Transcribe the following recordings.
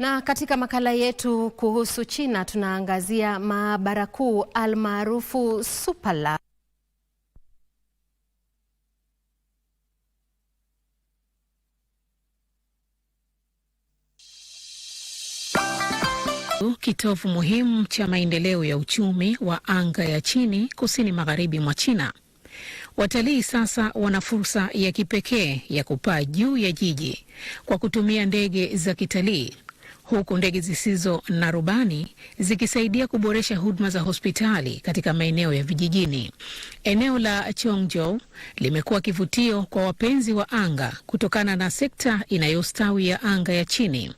Na katika makala yetu kuhusu China tunaangazia maabara kuu almaarufu Super Lab kitovu muhimu cha maendeleo ya uchumi wa anga ya chini kusini magharibi mwa China. Watalii sasa wana fursa ya kipekee ya kupaa juu ya jiji kwa kutumia ndege za kitalii huku ndege zisizo na rubani zikisaidia kuboresha huduma za hospitali katika maeneo ya vijijini. Eneo la Chongjo limekuwa kivutio kwa wapenzi wa anga kutokana na sekta inayostawi ya anga ya chini.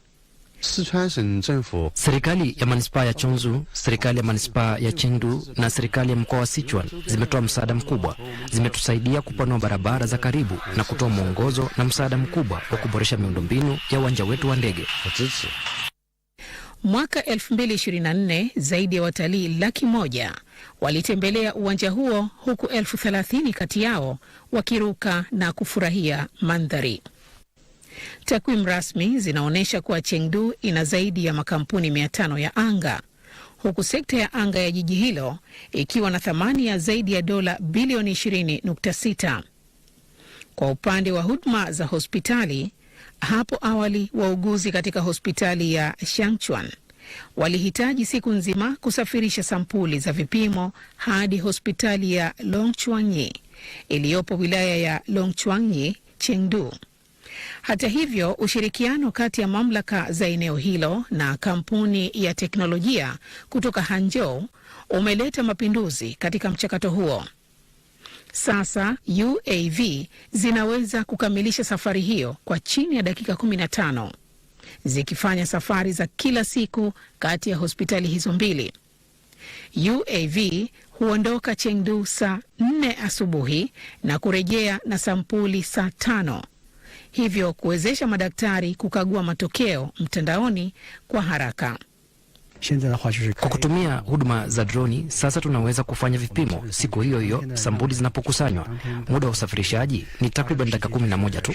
Serikali ya manispaa ya Chonzu, serikali ya manispaa ya Chengdu na serikali ya mkoa wa Sichuan zimetoa msaada mkubwa, zimetusaidia kupanua barabara za karibu na kutoa mwongozo na msaada mkubwa wa kuboresha miundombinu ya uwanja wetu wa ndege. Mwaka 2024 zaidi ya watalii laki moja walitembelea uwanja huo huku elfu thelathini kati yao wakiruka na kufurahia mandhari. Takwimu rasmi zinaonyesha kuwa Chengdu ina zaidi ya makampuni mia tano ya anga huku sekta ya anga ya jiji hilo ikiwa na thamani ya zaidi ya dola bilioni 20.6. Kwa upande wa huduma za hospitali, hapo awali wauguzi katika hospitali ya Shangchuan walihitaji siku nzima kusafirisha sampuli za vipimo hadi hospitali ya Longchuanyi iliyopo wilaya ya Longchuanyi, Chengdu. Hata hivyo, ushirikiano kati ya mamlaka za eneo hilo na kampuni ya teknolojia kutoka Hangzhou umeleta mapinduzi katika mchakato huo. Sasa UAV zinaweza kukamilisha safari hiyo kwa chini ya dakika 15 zikifanya safari za kila siku kati ya hospitali hizo mbili. UAV huondoka Chengdu saa 4 asubuhi na kurejea na sampuli saa tano hivyo kuwezesha madaktari kukagua matokeo mtandaoni kwa haraka. Kwa kutumia huduma za droni sasa tunaweza kufanya vipimo siku hiyo hiyo sambuli zinapokusanywa. Muda wa usafirishaji ni takriban dakika kumi na moja tu.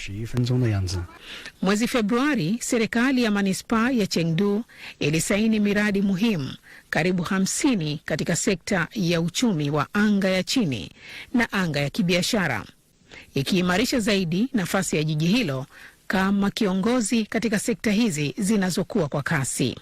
Mwezi Februari, serikali ya manispaa ya Chengdu ilisaini miradi muhimu karibu hamsini katika sekta ya uchumi wa anga ya chini na anga ya kibiashara ikiimarisha zaidi nafasi ya jiji hilo kama kiongozi katika sekta hizi zinazokuwa kwa kasi.